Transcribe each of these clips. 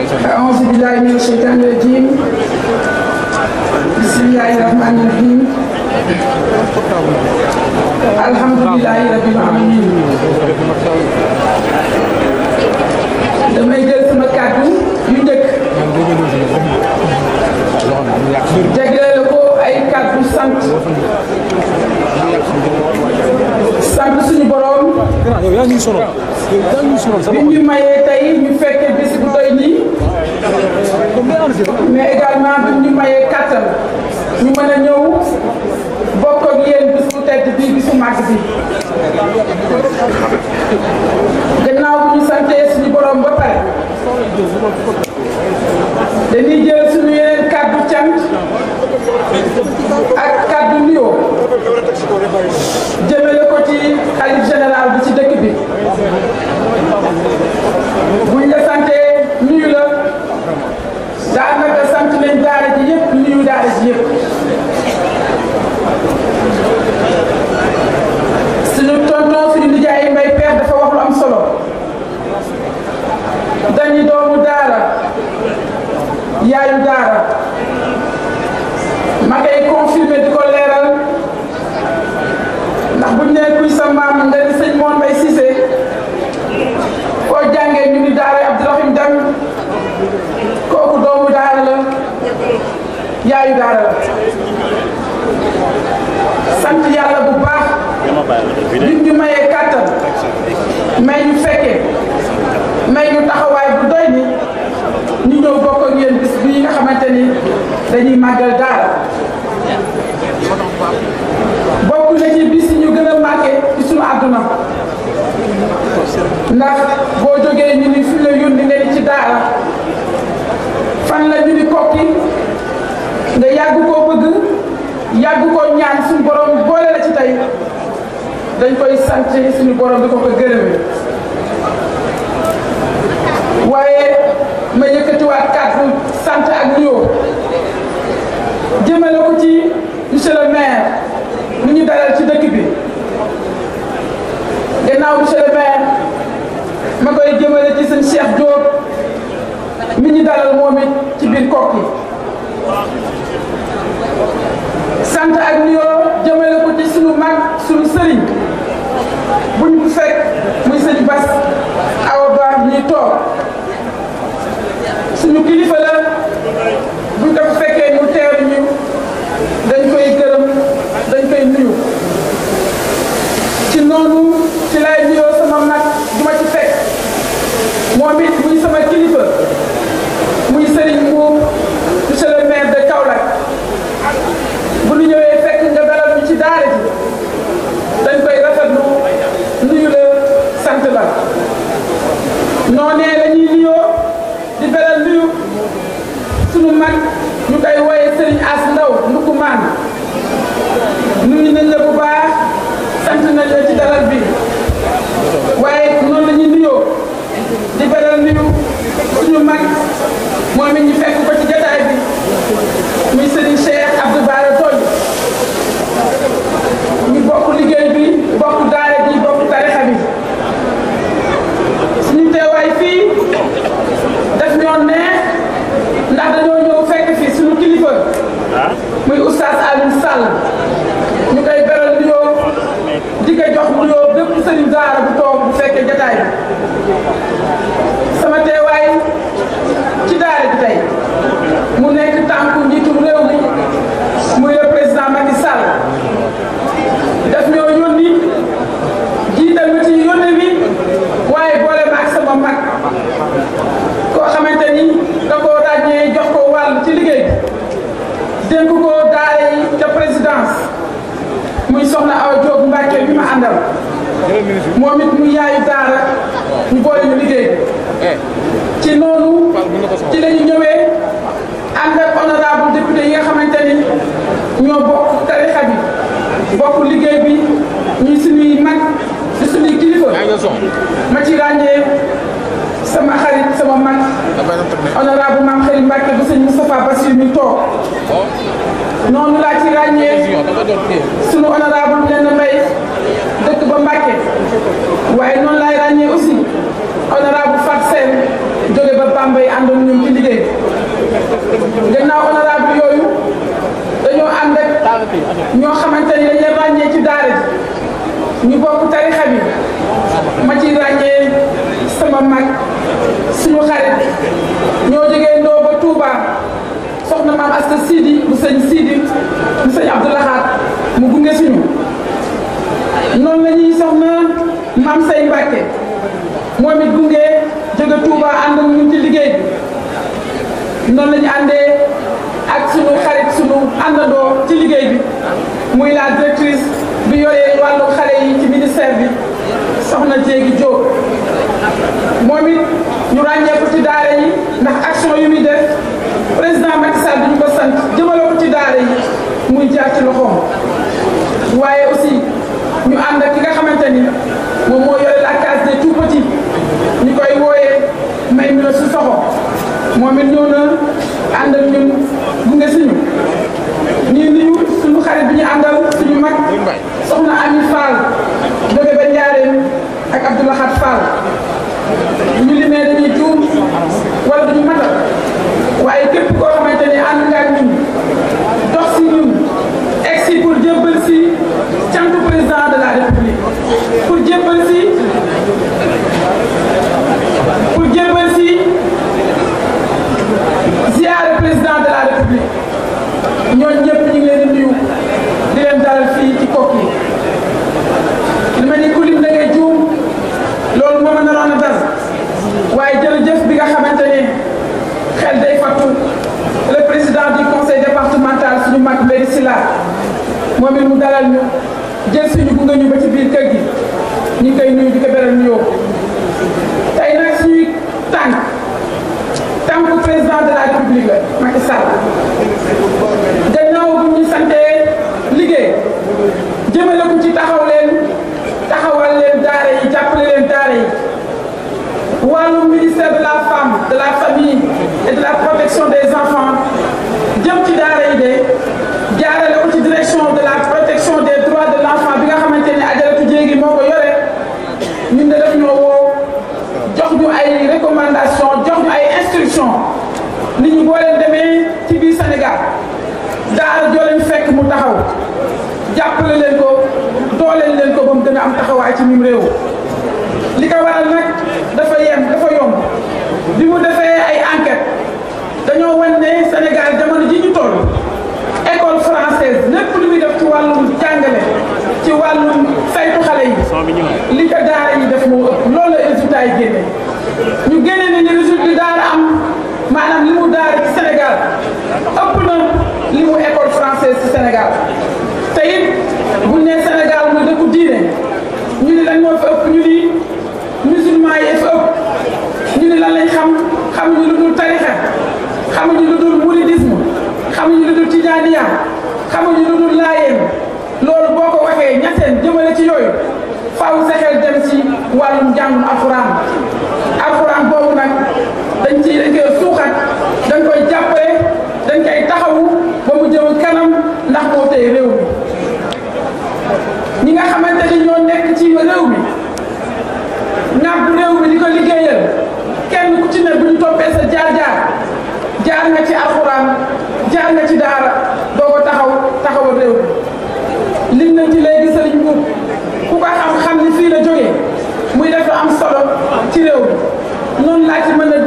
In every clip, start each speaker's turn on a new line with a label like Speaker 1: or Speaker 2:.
Speaker 1: أعوذ
Speaker 2: بالله من الشيطان الرجيم بسم الله الرحمن الرحيم الحمد لله رب العالمين damay jël sama kàddu yu njëkk jagleele ko ay kàddu sant sant suñu borom bi ñu mayee tey ñu fekkee bés bu doy mais également bu ñu mayee kattan ñu mën a ñëw bokk ak yéen bis bu tedd bi bisu màgg bi gannaaw bu ñu santee suñu borom ba pare dañuy jël suñu yeneen kàddu cant ak kàddu nuyoo jëmale ko ci xalif général bi ci dëkk bi bu ko ñaan suñu borom boole la ci tey dañ koy sant suñu borom bi ko ko gërëme waaye ma yëkkatiwaat kàddu sant ak nuyoo jëmale ko ci monsieur le maire mu ñu dalal ci dëkk bi gannaaw monsieur le maire ma koy jëmale ci seen Cheikh Diop mi ñu dalal moom it ci biir Koki cant ak nuyoo jëmale ko ci sunu mag suñu sëriñ buñ ko fekk muy sëñ Bass Awa Ba ñuy toog suñu kilifa la sama teewaay ci daara bi mu nekk tànku njiitu réew mi muy le président Macky Sall daf ñoo yónni jiital ma ci yónne bi waaye boole ma ak sama mag koo xamante ni da koo ràññee jox ci liggéey bi dénk ko daara yi ca présidence muy soxna Awa Diop Mbacke bi ma àndal moom it mu yaayu daara ñu boole ñu liggéey eh. ci noonu ci lañu ñëwee ànd ak honorable député yi nga xamante ni ñoo bokk tarixa bi liggéey bi ñuy suñuy mag di suñuy kilifa ma ci ràññee sama xarit sama mag honorable Mame Khary Mbacké bu sëñ Moustapha Bassirou mi toog oh. noonu laa ci ràññee sunu honorable Néné Mbaye dëkk ba Mbàkke waaye noonu laay ràññee aussi honorable Fat Sène jóge ba Bambey àndoon ñun ci liggéey gannaaw honorable yooyu dañoo ànd ak ñoo xamante ni dañuy ràññee ci daara ji ñu bokk tarixa bi ma ci ràññee sama mag suñu xarit ñoo jógee ndoo ba Touba. soxna maam Asta Sidi mu sëñ Sidi mu sëñ Abdou Lahad mu gunge suñu noonu la ñuy soxna maam say Mbàkke moom it gunge jóge Touba ànd ak ñun ci liggéey bi noonu la ñu àndee ak suñu xarit suñu àndandoo ci liggéey bi muy la directrice bi yore wàllu xale yi ci ministère bi soxna jéegi jaar ci waaye aussi ñu ànd ak ki nga xamante ni moom moo yore la case des tout petits ñu koy wooyee may mi na su soxo moom it am na ànd ak ñun gunge siñu ñuy nuyu suñu xarit bi ñu àndal suñu mag soxna Ami Fall jóge ba ak Abdoulaye Khat Fall ñu limee dañuy tuum wala duñu matal waaye képp koo xamante ni ànd nga ñun cant président de la république pour jébbal si pour jébbal si ziare président de la république moom nit ñi boo demee ci biir Sénégal daara joo leen fekk mu taxaw jàppale leen ko dooleel leen ko ba mu gën a am taxawaay ci mu réew li ko waral nag dafa yem dafa yomb bi mu defee ay enquête dañoo wan ne Sénégal jamono ji ñu toll école française lépp lu muy def ci wàllum jàngale ci wàllum saytu xale yi li ko daara yi def moo ëpp loolu la résultat ñu génne ni résultat daara am maanaam li mu daara ci Sénégal ëpp na li mu école française ci Sénégal te it Sénégal mu dëkku diine ñu ni lan moo fi ëpp ñu ni musulman yi fi ëpp xam xamuñu lu dul tarixa xamuñu lu dul mouridisme xamuñu lu dul tijaaniya xamuñu lu dul laayeen loolu boo ko waxee ñetteen jëmale ci yooyu faaw sa xel dem ci wàllum jàngum alxuraan alxuraan boobu nag dañ ci dañ dañ koy jàppale dañ koy taxawu ba mu jëm kanam ndax moo tey réew mi ñi nga xamante ni ñoo nekk ci réew mi naat réew mi di ko liggéeyal kenn ku ci ne bu ñu toppee sa jaar-jaar jaar nga ci alxuraan jaar nga ci daara doo ko taxaw taxawal réew mi lim nañ ci léegi sëriñ buub ku ko xam-xam ni fii la jógee muy def am solo ci réew mi noonu laa ci mën a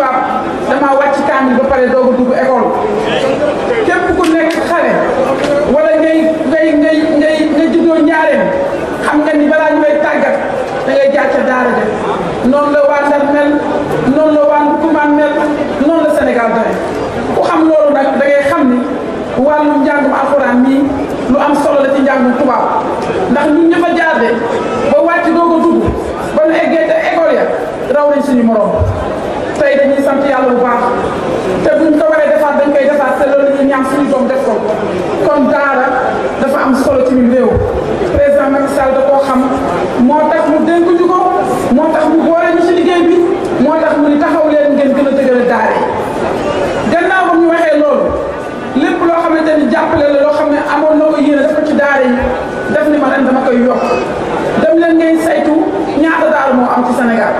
Speaker 2: tubaab damaa wàcc kaamil ba pare doog a dugg école képp ku nekk xam nga ni tàggat da ngay jaar ca daara def noonu la waa xam loolu nag da xam ni wàllum njàngum alxuraan mii lu am solo la ci njàngum tubaab ndax ñun ñëpp a jaar de ba wàcc doog a dugg ba nu eggee te école ya raw nañ suñu morom. tey dañuy sant yàlla bu baax te buñ ko waree defaat dañ koy defaat te loolu ñu ñaan suñu def ko kon daara dafa am solo ci biir réew président Macky Sall da koo xam moo tax mu dénk ñu ko moo tax mu boole ñu ci liggéey bi moo tax mu ni taxaw leen ngeen gën a dëgëral daara yi gannaaw ba ñu waxee loolu lépp loo xamante ni jàppale la loo xam ne amoon na ko yéene ko ci daara yi def ni ma ren dama koy yokk dem leen ngay saytu ñaata daara moo am ci Sénégal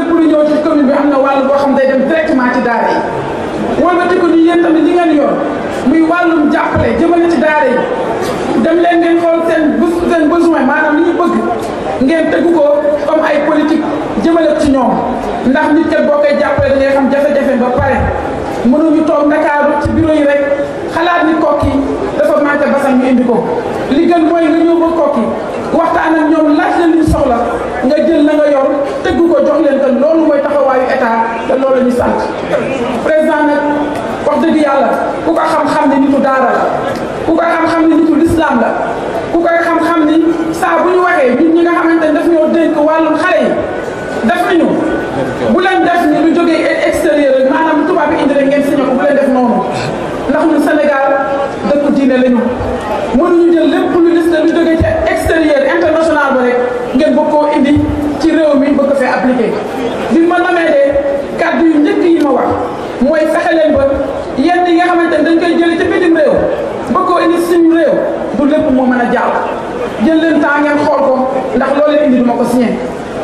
Speaker 2: lépp lu ñëw ci commune bi am na wàll boo xam day dem directement ci daara yi wëlbati ko ni yéen tamit ñi ngeen yor muy wàllum jàppale jëmale ci daara yi dem leen ngeen xool seen seen besoin maanaam li ñu bëgg ngeen tegu ko comme ay politique jëmale ci ñoom ndax nit kat boo koy jàppale da xam jafe-jafe ba pare mënuñu toog Ndakaaru ci bureau yi rek xalaat ni kokki dafa manqué basal ñu indi ko li gën mooy nga ñëw ba kokki waxtaan ak ñoom laaj la li ñu soxla nga jël la nga yor tëggu ko jox leen ko loolu mooy taxawaayu état te loolu la ñu sant président nag wax dëgg yàlla ku ko xam-xam ne nitu daara la ku xam-xam ne nitu lislaam la koy xam-xam ni saa bu ñu waxee ñun ñi nga xam ne def ñoo dénk wàllum xale yi def nañu bu leen def ni lu jógee extérieur rek maanaam tubaab bi indi rek ngeen signé ko bu leen def noonu ndax ñun Sénégal dëkk diine lañu mënuñu jël lépp lu gis ne lu jógee ci liggéey bi ma namee de kàddu yu njëkk yi ma wax mooy fexe leen ba yenn yi nga xamante ne dañ koy jëlee ci bitim réew ba koo indi suñu réew du lépp moo mën a jàll jël leen temps ngeen xool ko ndax loo leen indi du ma ko signé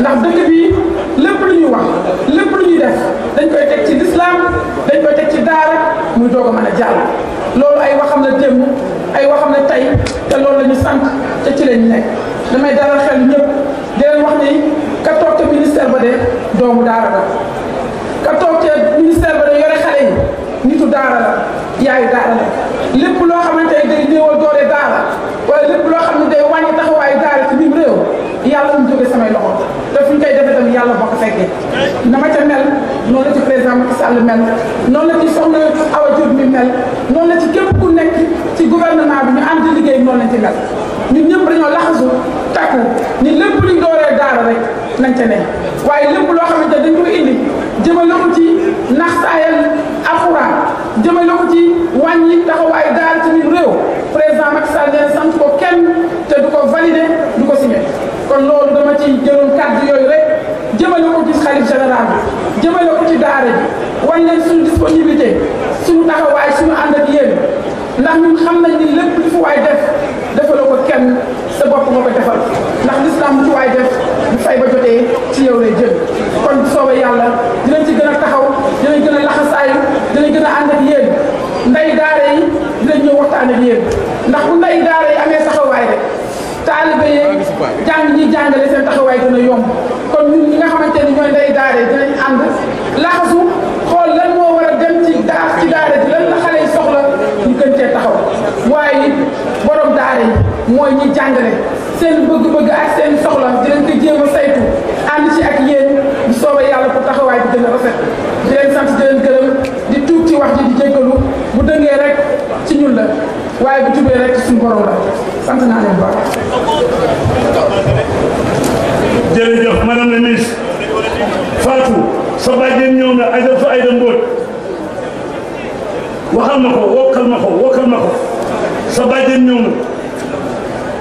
Speaker 2: ndax dëkk bi lépp lu ñuy wax lépp lu ñuy def dañ koy teg ci lislaam dañ koy teg ci daara muy doog a mën loolu ay waxam la démb ay waxam la tey te loolu la ñu sant ci lañ nekk damay dalal xel ñëpp di leen wax ni ministère ba de doomu daara la ka toog cee ministère ba de yore xale yi nitu daara la yaayu daara la lépp ne day néewal doole daara wala lépp loo xam ne day wàññi taxawaayu daara ci biir réew yàlla samay loxo te fu koy defee tamit yàlla bokk fekkee na ma ca mel noonu la ci président Macky Sall mel noonu la ci soxna ci képp ku nekk ci gouvernement bi mu ànd ci liggéey noonu lañ ci mel ñun ñëpp dañoo laxasu takku ni lépp luñ dooree daara rek nañ ca ne waaye lépp loo xam xamante dañ koy indi jëmale ko ci nax saayal alxuraan jëmale ko ci wàññi taxawaay daal ci biir réew président Macky Sall nee sant ko kenn te du ko validé du ko signé kon loolu dama ci jëloon kàddu yooyu rek jëmale ko ci xalif général bi jëmale ko ci daara bi wan leen suñu disponibilité suñu taxawaay suñu ànd ak yéen ndax ñun xam nañ ni lépp li fu waay def defaloo ko kenn sa bopp nga ko defal ndax l'islam bu ci waay def bu fay ba jotee ci yow lay jël kon bu soobee yàlla dinañ ci gën a taxaw dinañ gën a laxasaayu dinañ gën a ànd ak yéen nday daara yi dinañ ñëw waxtaan ak yéen ndax bu nday daara yi amee taxawaay rek taalibe yi jàng ñi jàngale seen taxawaay dina yomb kon ñun ñi nga xamante ni ñooy nday daara yi dinañ ànd laxasu xool lan moo war a dem ci daar ci daara ji lan la xale yi soxla ñu gën cee taxaw waaye borom daara yi mooy ñi jàngale seen bëgg-bëgg ak seen soxla dinañ ko jéem a saytu ànd ci ak yéen bu soobee yàlla pour taxawaay bi gën a rafet di leen sant di leen ci wax ji di bu dëngee rek ci ñun la waaye bu jubee rek suñu borom la
Speaker 3: sant naa leen baax. jërëjëf madame la ministre Fatou sa bàjjen ñëw na Aïda fa Aïda Mbodj waxal ma ko wokkal ma ko wokkal ma ko sa bàjjen ñëw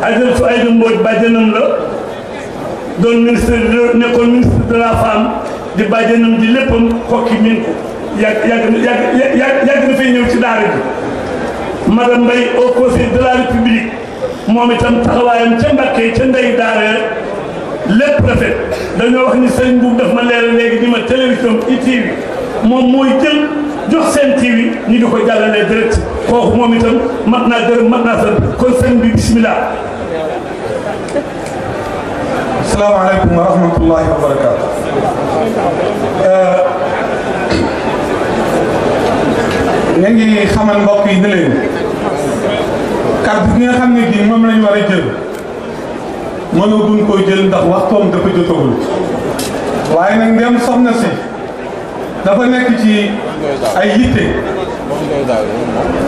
Speaker 3: ajal su ay da mbooj bàjjanam la doon kokki min ko yàgg yàgg yàgg yàgg na fay ñëw ci daara bi madame Mbaye au conseil de la république moom itam taxawaayam ca Mbakke ca ndey daara lépp rafet dañoo wax ni sëñ bu daf ma leeral léegi di ma télévision ITV moom mooy jël jox seen tiiw yi ñu di ko jàllale direct kooku moom itam mat naa gërëm mat naa sant kon sëñ bi bisimilah.
Speaker 1: asalaamaaleykum wa rahmatullahi wa barakaatu. Euh,
Speaker 3: ñu ngi xamal mbokk yi ne leen kàddu gi nga xam ne bii moom la ñu war a jël mënaguñ koo jël ndax waxtoom dafa jotagul waaye nag ndem soxna si dafa nekk ci. ay yitte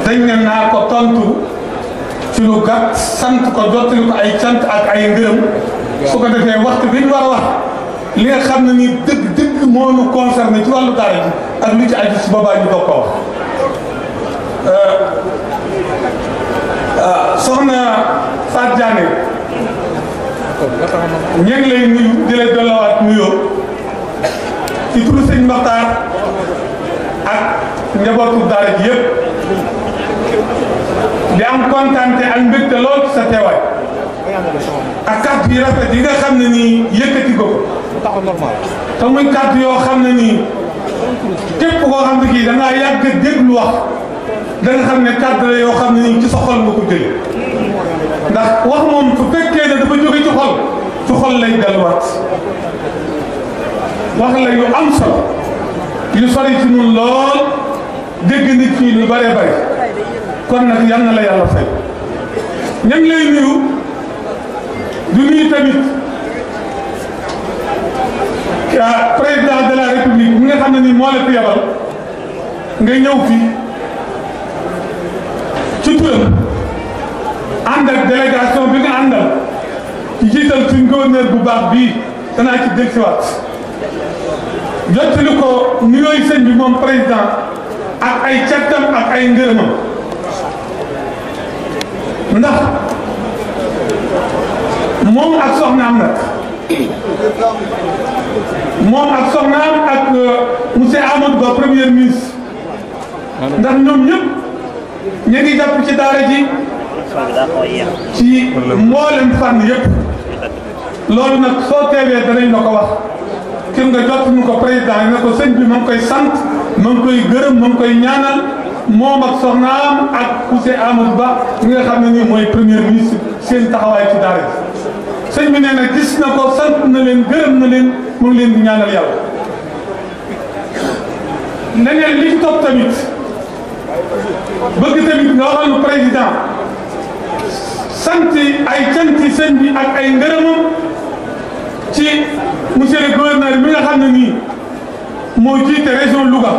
Speaker 3: dañ ne naa ko tontu ci lu gàtt sant ko jottali ko ay cant ak ay ngërëm su ko defee waxtu bi ñu war a wax li nga xam ne nii dëgg dëgg moo nu concerné ci wàllu daara ji ak lu ci aju su boobaa ñu bokkoo euh, euh, soxna Fatou Diané ñu ngi lay nuyu di lay dollawaat nuyoo ci turu sëñ Maxtaar ak njabootu daara ji yëpp di am kontaan te ak mbégte sa teewaay ak kàddu yi yi nga xam ne nii yëkkati ko te muy kàddu yoo xam ne nii képp koo kii da ngaa yàgg a déglu wax da nga yoo xam ne nii ci sa xol nga ko jëlee ndax wax moom su fekkee ne dafa jóge ci xol ci xol lay delluwaat wax la yu am solo. yu sori ci ñun lool dégg nit ñi lu bëree bëri kon nag yal na la yàlla fay ña ngi lay nuyu du nuyu tamit ah, président de la république bi nga xam ne nii moo la fi yabal nga ñëw fii ci turam ànd ak délégation bi nga àndal ci jiital suñ gouverneur bu baax bii danaa ci dégg si waat jottali ko nuyooyu sëñ bi moom président ak ay cattam ak ay ngërëmam ndax moom ak soxnaam nag moom ak soxnaam ak euh, monsieur Amadou Ba premier ministre ndax ñoom ñëpp ñu ngi jàpp ci daara ji ci mboolem fànn yëpp loolu nag soo teewee danañ la ko wax ci nga jot ñu ko président yi ne ko sëñ bi ma ngi koy sant ma ngi koy gërëm ma ngi koy ñaanal moom ak soxnaam ak Ousseyn Amadou Ba mi nga xam ne nii mooy premier ministre seen taxawaay ci daara sëñ bi nee na gis na ko sant na leen gërëm na leen mu ngi leen di ñaanal yàlla. leneen li ci topp tamit bëgg tamit nga waxal nu président sant ay canti sëñ bi ak ay ngërëmam. ci monsieur le gouverneur mi nga xam ne nii moo jiite région Louga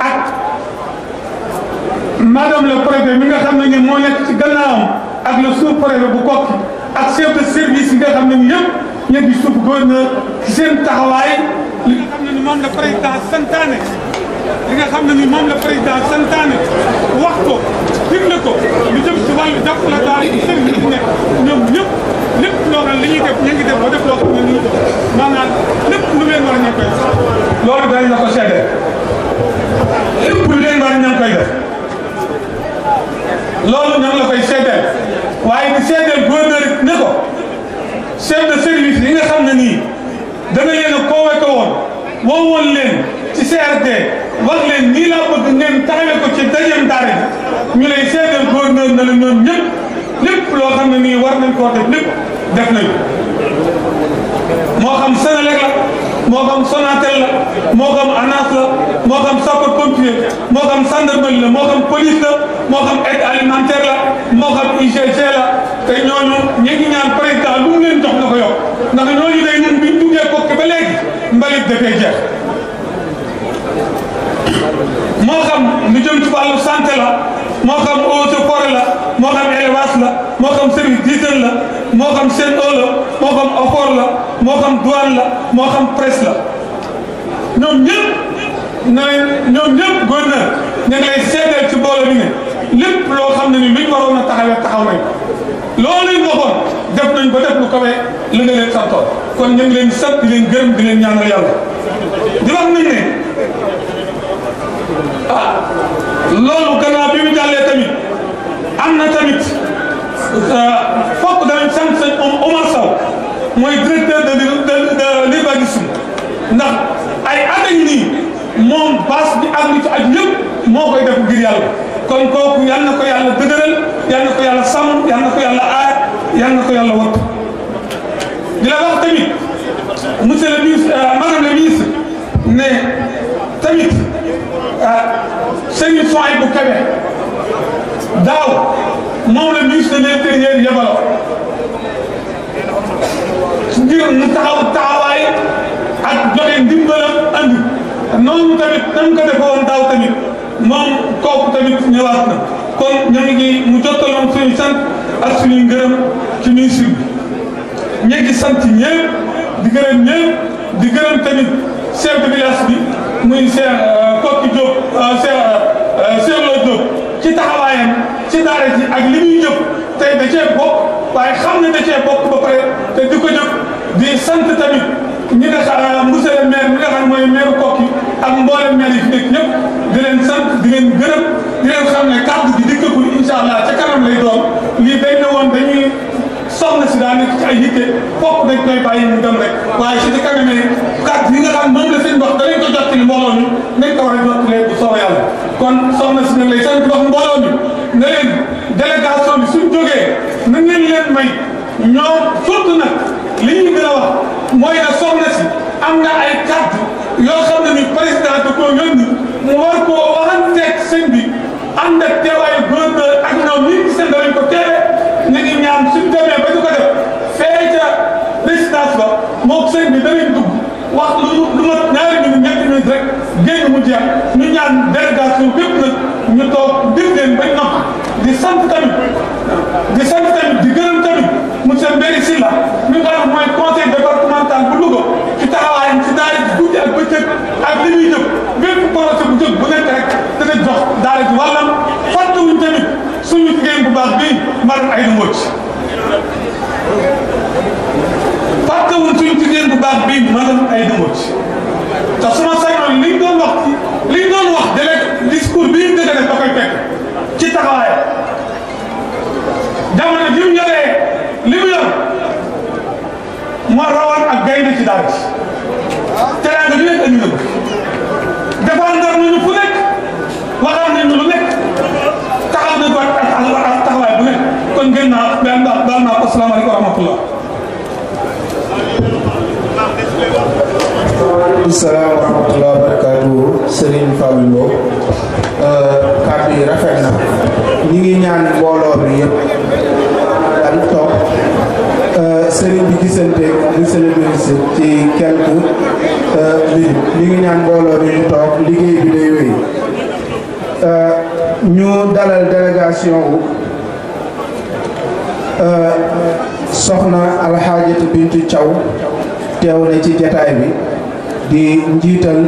Speaker 3: ak madame le préfet mi nga xam ne nii moo nekk ci gannaawam ak le sous-préfet bu Kokki ak chef de service yi nga xam ne nii yëpp ñoo ngi suuf gouverneur ci seen taxawaay li nga xam ne ni moom la président li nga xam ne ni moom la président santaane wax ko dig na ko lu jëm ci wàllu jàppale daal loolu dañ la ko seede lépp lu leen war ñoo la waaye di seedeel gouverneur it ne ko chef de service nga xam ne nii da nga leen a convoqué woon woo wax leen nii laa bëgg ngeen taxawee ko ci deuxième daara bi ñu lay seedal gouverneur na la ñoom ñëpp lépp loo xam ne nii war nañ koo def lépp def nañu moo xam Senelec la moo xam Sonatel la moo xam ANAS la moo xam sapeur pompier moo xam gendarmerie la moo xam police la moo xam aide alimentaire la moo xam UGC la te ñooñu ñi ngi ñaan président lu mu leen jox na ko yokk ndax ñooñu day ñun biñ duggee ko ba léegi mbalit dafay jeex moo xam lu jëm ci wàllu santé la moo xam eau de forêt la moo xam élevage la moo xam service d'hygiène la moo xam CNO la moo xam offort la moo xam douane la moo xam presse la ñoom ñëpp na ñoom ñëpp gouverneur ñu ngi lay seedeel ci mbooloo mi ne lépp loo xam ni luñ waroon a taxawee taxaw nañ loolu ñu waxoon def nañ ba def lu kawee li nga leen santoon kon ñu ngi leen sant di leen gërëm di leen ñaanal yàlla di wax nañ ne ah loolu gannaaw bi mu jàllee tamit am na tamit euh, fokk danañ sant sëñ Omar Sow mooy directeur de de l'urbanisme ndax ay at nii moom base bi ak li aj ñëpp moo koy def ngir yàlla kon kooku yal na ko yàlla dëgëral yal na ko yàlla sàmm yal na ko yàlla aar yal na ko yàlla wat di la wax tamit monsieur le ministre euh, madame le ministre ne tamit. Serigne Souhaïbou Kébé daaw moom la ministre de l'intérieur yebaloon ngir mu taxaw taxawaay ak joxe ndimbalam andi noonu tamit nan ko defoon daaw tamit moom kooku tamit ñëwaat na kon ñu ngi mu jottaloon suñu sant ak suñu ngërëm ci ministre bi ñu ngi sant ñëpp di gërëm ñëpp di gërëm tamit chef de village bi muy chef. Diop Cheikh Cheikh euh, Diop ci taxawaayam ci daara ji ak li muy jëf tey da cee bokk waaye xam ne de cee bokk ba pare te di ko jëf di sant tamit ñi nga xam euh, monsieur le maire mi nga xam mooy maire Koki ak mboolem maire yi fi nekk ñëpp di leen sant di leen gërëm di leen xam ne kàddu gi di incha allah ca kanam lay doon lii dañ ne woon dañuy. soxna si daa nekk ci ay yitte foofu dañ koy bàyyi ñu dem rek waaye si di kanamee kàddu yi xam moom la seen wax danañ ko jot ci mbooloo nañ ko waxee noppi leen bu soobee yàlla kon soxna si nag lay sant wax mbooloo mi ne leen délégation bi suñ jógee nañ leen may ñoom surtout nag li ñu gën a wax mooy ne si am na ay carte yoo xam ne ni président da koo mu war koo waxanteeg sëñ bi ànd ak teewaayu gouverneur ak ñoom ñi ci seen danañ ko ba ñu ko def fee ca résidence ba moom sëñ bi lu lu ma ñaari minutes génn mu jeex ñu ñaan délégation bépp nag ñu toog dégg leen di sant tamit di sant tamit di gërëm tamit monsieur Mbéri Sylla mi nga xam mooy conseil départemental bu Louga ci taxawaayam ci daara ji guddi ak bëccëg ak li muy jëm bépp projet bu jóg bu nekk rek dana jox daara ji wàllam tamit suñu jigéen bu baax bii madame Aïda Mbodj fàttewuñ suñu bii madame Aïda te su ma sañoon liñ doon wax liñ doon wax dana discours bi ñu dëgg da koy fekk ci taxawaay jamono bi mu yoree li mu yor moo rawoon ak gaynde ci daal ci teraanga ju nekk andi na defoon ndar nañu
Speaker 1: waaleykum salaam wa rahmatulah wa barakaatu euh, yi rafet na ñu ngi ñaan mbooloo bi yëpp daal toog euh, Serigne bi gisante monsieur le ci quelque euh, minute ñu ngi ñaan mbooloo bi ñu toog liggéey bi day wéy ñu dalal délégation soxna Alxaajatu Bintu Thiaw teew na ci jataay bi. di njiital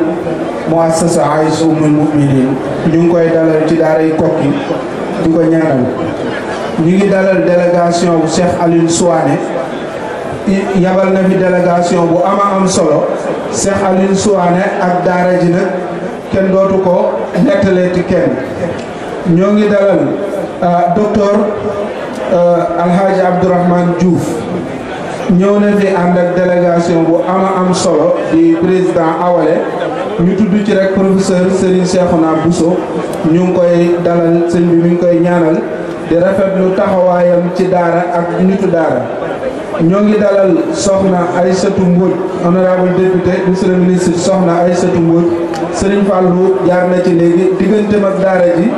Speaker 1: muassasa Aïcha Oumoul Mouminine ñu ngi koy dalal ci daaray Koki di ko ñaanal ñu ngi dalal délégation bu Cheikh Alioune Souané yabal na fi délégation bu ama am solo Cheikh Alioune Souané ak daara ji nag kenn dootu ko nettaleeti kenn ñoo ngi dalal ah, docteur ah, Alhaji Abdourahmane Diouf ñëw na fi ànd ak délégation bu ama am solo di président Awalé ñu tudd ci rek professeur Serigne naa Bousso ñu ngi koy dalal sëñ bi mi ngi koy ñaanal di rafetlu taxawaayam ci daara ak nit daara ñoo ngi dalal soxna Aïssatou Mbodj honorable député monsieur le ministre soxna Aïssatou Mbodj Serigne Fallou jaar na ci léegi digganteem ak daara ji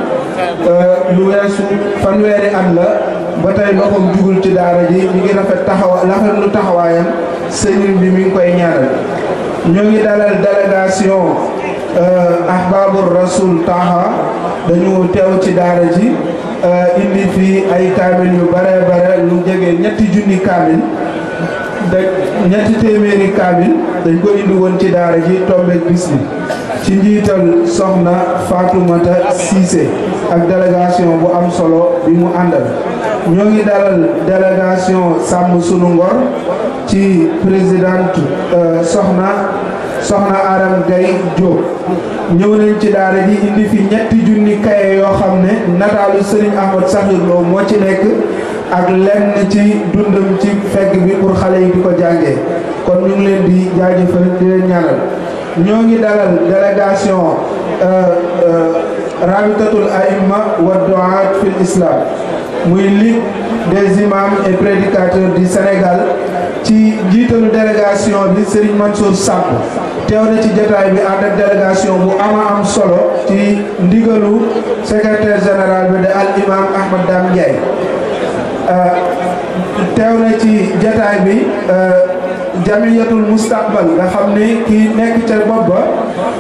Speaker 1: euh, lu weesu fanweeri at la ba tey loxoom jugul ci daara ji mi ngi rafet taxawa rafet lu taxawaayam sëriñ bi mi ngi koy ñaanal ñoo ngi dalal délégation euh, ahbabur rasul taha dañu teew ci daara ji euh, indi fi ay kaamil yu bare bare lu jege ñetti junni kaamil da ñetti téeméeri kaamil dañ ko indi woon ci daara ji tombeek bis bi ci njiital soxna Fatoumata Cissé ak délégation bu am solo bi mu àndal ñoo ngi dalal délégation sàmm sunu ngor ci présidente euh, soxna soxna Aram Gaye Diop ñëw nañ ci daara ji indi fi ñetti junni kaye yoo xam ne nataalu Serigne Ahmad Sakhir Lo moo ci nekk ak lenn ci dundam ci feg bi pour xale yi di ko jàngee kon ñu leen di jaajëfal di leen ñaanal ñoo ngi dalal délégation euh, euh, rabitatul aïma wa duat fil islam muy ligue des imams et prédicateurs du Sénégal ci jiitalu délégation bi Serigne Mansour Samb teew na ci jotaay bi ànd ak délégation bu ama am solo ci ndigalu secrétaire général bi de al imam Ahmad Dame Ndiaye euh, teew na ci jotaay bi euh, jamiyatul mustaqbal nga xam ni kii nekk ca bopp ba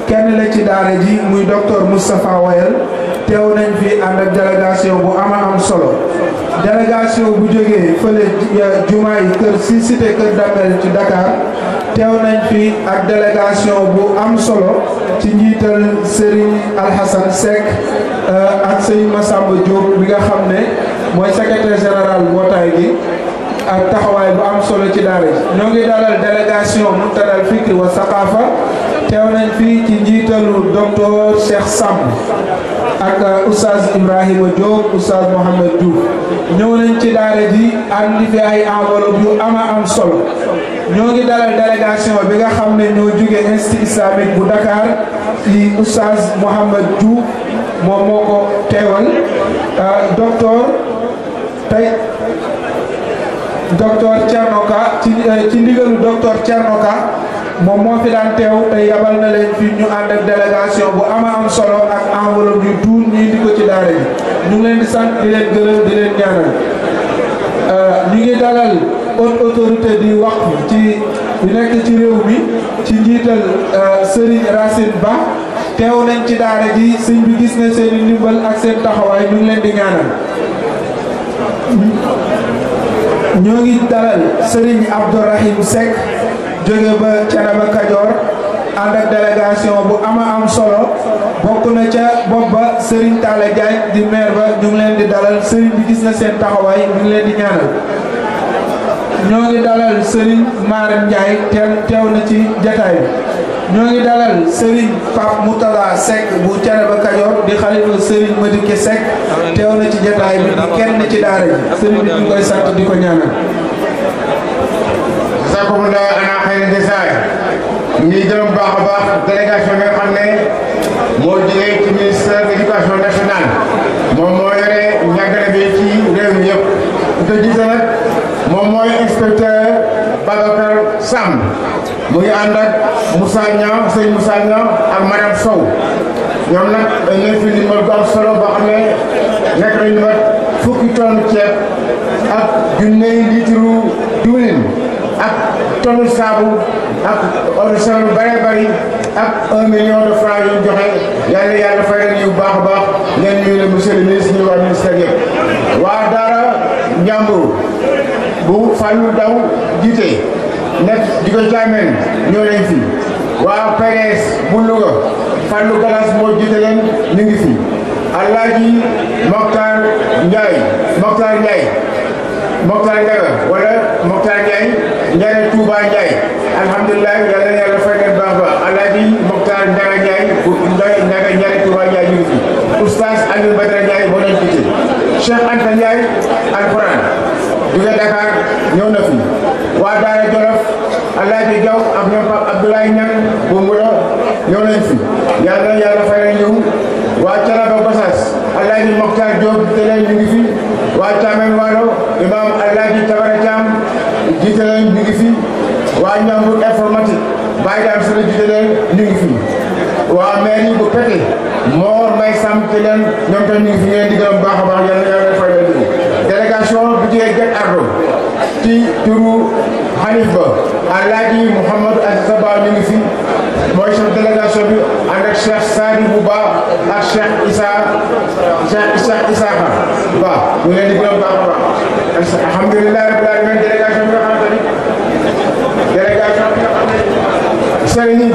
Speaker 1: kenn la ci daara ji muy docteur Moustapha Wayel teew nañ fi ànd ak délégation bu ama am solo délégation bu jógee fële jumaa yi kër si cité kër Damel ci Dakar teew nañ fi ak délégation bu am solo ci njiital Serigne Alhassane Seck euh, ak Serigne Massamba Diop bi nga xam ne mooy secrétaire général mbootaay gi ak taxawaay bu am solo ci daara ji ñoo ngi dalal délégation Muntadal Fikri wa Saqaafa teew nañ fii ci njiitalu docteur Cheikh Samb ak uh, Oustaz Ibrahima Diop Oustaz Mohamed Diouf ñëw nañ ci daara ji andi fi ay enveloppe yu ama am solo ñoo ngi dalal délégation bi nga xam ne ñoo jóge institut islamique bu Dakar ci Oustaz Mohamed Diouf moom moo ko teewal uh, docteur tey docteur Thierno Ka ci eh, ci ndigalu docteur Thierno moom moo fi daan teew te yabal na leen fi ñu ànd ak délégation bu ama am solo ak enveloppe yu tuur ñii di ko ci daara ji ñu ngi di sant di leen gërëm di leen ñaanal euh, ñu ngi dalal autorité di wax ci bi nekk ci réew mi ci njiital euh, Serigne Racine Ba teew nañ ci daara ji sëñ bi gis na seen i ndimbal ak seen taxawaay ñu ngi leen di ñaanal. ñoo ngi dalal Serigne Abdourahim Seck jóge ba Thiénaba Kajoor ànd ak bu ama am solo bokk na ca bopp ba Serigne Talla Diagne di maire ba ñu leen di dalal Serigne bi gis na seen taxawaay ñu leen di ñaanal. ñoo ngi dalal Serigne Mara Ndiaye teew na ci jataay bi. ñoo ngi dalal Serigne Pape Moutala Seck bu Thiénaba Kajoor di xalifa Serigne Madické Seck teew na ci jotaay bi di kenn ci daara ji bi ñu koy sant di ko
Speaker 4: ñaanal. Sakkumullah ana xayri desaay ñuy gërëm baax a baax délégation bi nga xam ne moo jëlee bi ci réew mi yëpp ku ko gisee nag moom mooy inspecteur Babacar Samb. mu ngi ànd ak Moussa Niang sëñ Moussa Niang ak Mariam Sow ñoom nag ñooy fi ndimbal bu solo boo xam ne nekk nañu mat fukki tonn ceeb ak junney litre diwlin ak tonn saabu ak ordre bare bari ak un million de francs yu joxe yal yàlla fay leen yu baax a baax ngeen ñuy le monsieur ministre yëpp waa daara njàmbur bu Fallou Daw jiite nekk di ko jaameen ñoo fi waa PDS bu Louga Fallou Galas moo jiite leen ñu ngi fi Alaaji Mokhtar Ndiaye Mokhtar Ndiaye Mokhtar Ndiaye wala Mokhtar Ndiaye Ndiaye Touba Ndiaye alhamdulilah yàlla na yàlla fay leen fi Oustaz Aliou Badara Ndiaye moo leen jiite Cheikh Anta Ndiaye Alquran jóge Dakar ñëw na waa Daara Jolof Alaaji Jaw ak ñoom Pape Abdoulaye Niang bu Mburo ñëw nañ fi yàlla yàlla fay nañ ñëw waa Caraba Bassas Alaaji Mokhtar Diop te leen ñu ngi fi waa Thiamène Waalo Imam Alaaji Tabara Thiam jiite leen ñu ngi fi waa Ñambur informatique Baye Dame Sula jiite leen ñu fi waa mairie bu Pété Mor May Sam te ñoom tam ñu fi ngeen di gërëm baax a baax yàlla yàlla fay leen délégation bu jugee Guet Ardo ci turu xalif ba alaaji Mouhamadou Aziza Ba mi ngi fi mooy chef délégation bi ànd ak Cheikh Sadibou Ba ak Cheikh Issa Cheikh Cheikh Issa Ba ñu leen baax a baax alhamdulilah rabbil alamin délégation bi nga xamante ni délégation bi nga xam ne Serigne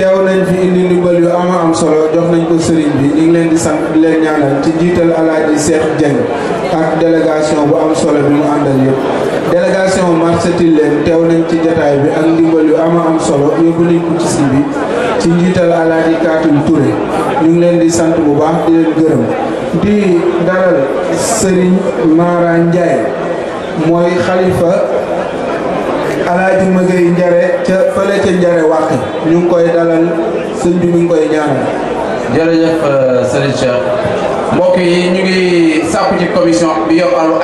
Speaker 1: teew nañ fi indi ndimbal yu am am solo jox nañ ko sëriñ bi ñu ngi leen di sant di leen ñaanal ci jiital alaaji Seex Jeng ak délégation bu am solo bi mu àndal yëpp délégation marché Tilène teew nañ ci jataay bi ak ndimbal yu am am solo yóbbu nañ ko ci si bi ci njiital alaaji Kaatul Touré ñu ngi leen di sant bu baax di leen gërëm di dalal sëriñ Mara mooy xalifa alaaji mëgay njare ca fële ca njare wàq ñu ngi koy dalal si bi mu ngi koy ñaanal jërëjëf euh, sëriñ Cheikh mbokk yi ñu ngi sàpp ci commission bi yor wàllu